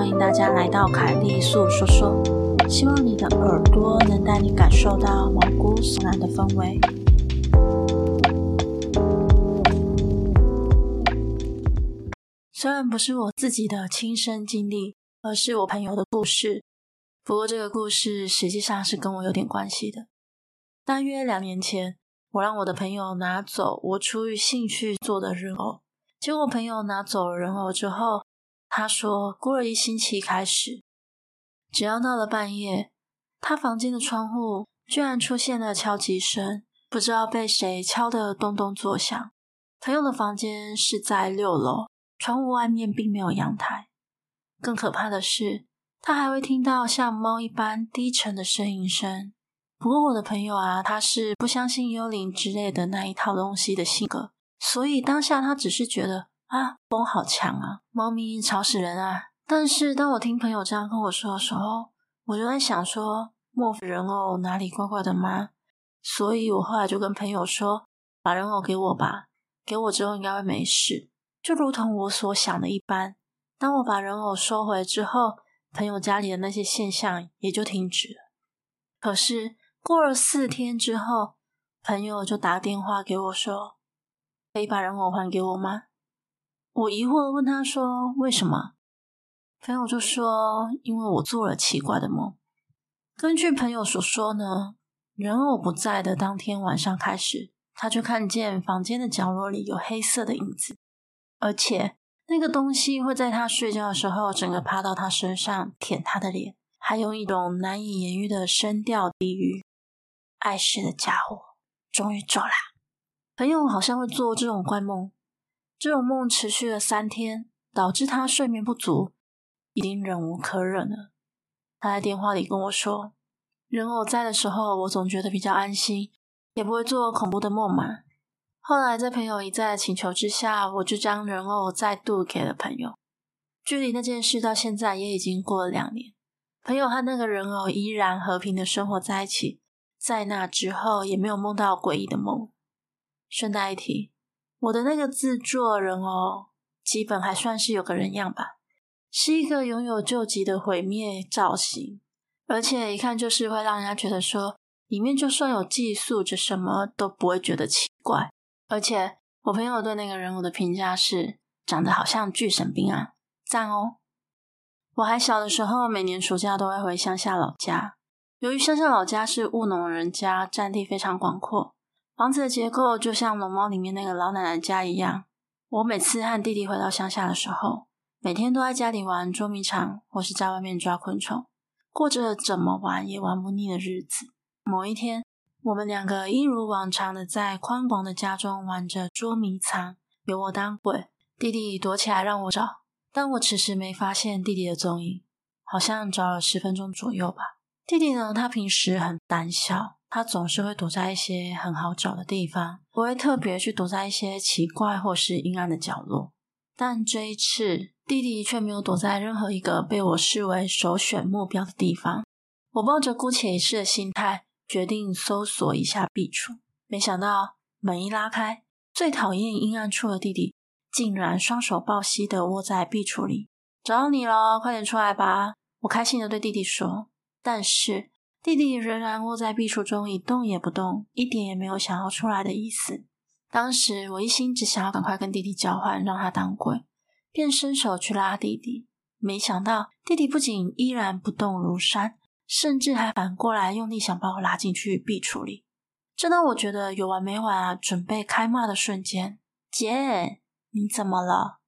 歡迎大家來到凱莉粟說說，希望你的耳朵能帶你感受到毛骨悚然的氛圍。雖然不是我自己的親身經歷，而是我朋友的故事，不過這個故事實際上是跟我有點關係的。大約兩年前，我讓我的朋友拿走我出於興趣做的人偶，結果我朋友拿走了人偶之後。他說：“過了一星期開始，只要到了半夜，他房間的窗戶居然出現了敲擊聲，不知道被誰敲得咚咚作響。朋友的房間是在六樓，窗戶外面並沒有陽台。更可怕的是，他還會聽到像貓一般低沉的呻吟聲。不過，我的朋友啊，他是不相信幽靈之類的那一套東西的性格，所以當下他只是覺得。”啊，風好強啊！貓咪吵死人啊！但是當我聽朋友這樣跟我說的時候，我就在想說：莫非人偶哪裡怪怪的嗎？所以我後來就跟朋友說：把人偶給我吧，給我之後應該會沒事。就如同我所想的一般，當我把人偶收回之後，朋友家裡的那些現象也就停止了。可是過了四天之後，朋友就打電話給我說：可以把人偶還給我嗎？我疑惑的問他說：“為什麼？”朋友就說：“因為我做了奇怪的夢。”根據朋友所說呢，人偶不在的當天晚上開始，他就看見房間的角落裡有黑色的影子，而且那個東西會在他睡覺的時候，整個趴到他身上舔他的臉，還有一種難以言喻的聲調低語：“礙事的家伙，終於走了。”朋友好像會做這種怪夢。這種夢持續了三天，導致他睡眠不足，已經忍無可忍了。他在電話裡跟我說：“人偶在的時候，我總覺得比較安心，也不會做恐怖的夢嘛。”後來在朋友一再的請求之下，我就將人偶再度給了朋友。距離那件事到現在也已經過了兩年，朋友和那個人偶依然和平的生活在一起。在那之後，也沒有夢到詭異的夢。順帶一提。我的那個自製人偶，基本還算是有個人樣吧，是一個擁有救急的毀滅造型，而且一看就是會讓人家覺得說裡面就算有寄宿，就什麼都不會覺得奇怪。而且我朋友對那個人偶的評價是長得好像巨神兵啊，讚哦！我還小的時候，每年暑假都會回鄉下老家，由於鄉下老家是務農人家，佔地非常廣闊。房子的結構就像《龍貓》裡面那個老奶奶家一樣。我每次和弟弟回到鄉下的時候，每天都在家裡玩捉迷藏，或是在外面抓昆蟲，過着怎麼玩也玩不膩的日子。某一天，我們兩個一如往常的在寬廣的家中玩着捉迷藏，由我當鬼，弟弟躲起來讓我找。但我遲遲沒發現弟弟的蹤影，好像找了十分鐘左右吧。弟弟呢，他平時很膽小。他總是會躲在一些很好找的地方，不會特別去躲在一些奇怪或是陰暗的角落。但這一次，弟弟卻沒有躲在任何一個被我視為首選目標的地方。我抱着姑且一試的心態，決定搜索一下壁櫥。沒想到門一拉開，最討厭陰暗處的弟弟竟然雙手抱膝的窩在壁櫥裡。找到你了，快點出來吧！我開心的對弟弟說。但是。弟弟仍然窩在壁櫥中，一動也不動，一點也沒有想要出來的意思。當時我一心只想要趕快跟弟弟交換，讓他當鬼，便伸手去拉，拉弟弟。沒想到弟弟不僅依然不動如山，甚至還反過來用力想把我拉進去壁櫥裡。正當我覺得有完沒完啊，準備開罵的瞬間，姐，你怎麼了？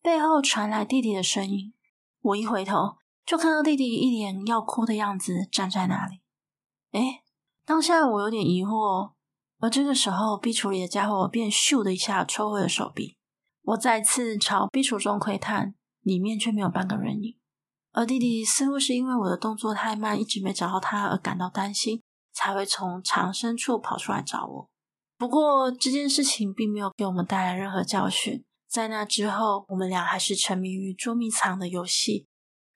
背後傳來弟弟的聲音。我一回頭。就看到弟弟一臉要哭的樣子站在那裡，哎，當下我有點疑惑。而這個時候，壁櫥裡的傢伙便咻的一下抽回了手臂。我再次朝壁櫥中窺探，裡面卻沒有半個人影。而弟弟似乎是因為我的動作太慢，一直沒找到他而感到擔心，才會從藏身處跑出來找我。不過這件事情並沒有給我們帶來任何教訓。在那之後，我們倆還是沉迷於捉迷藏的遊戲。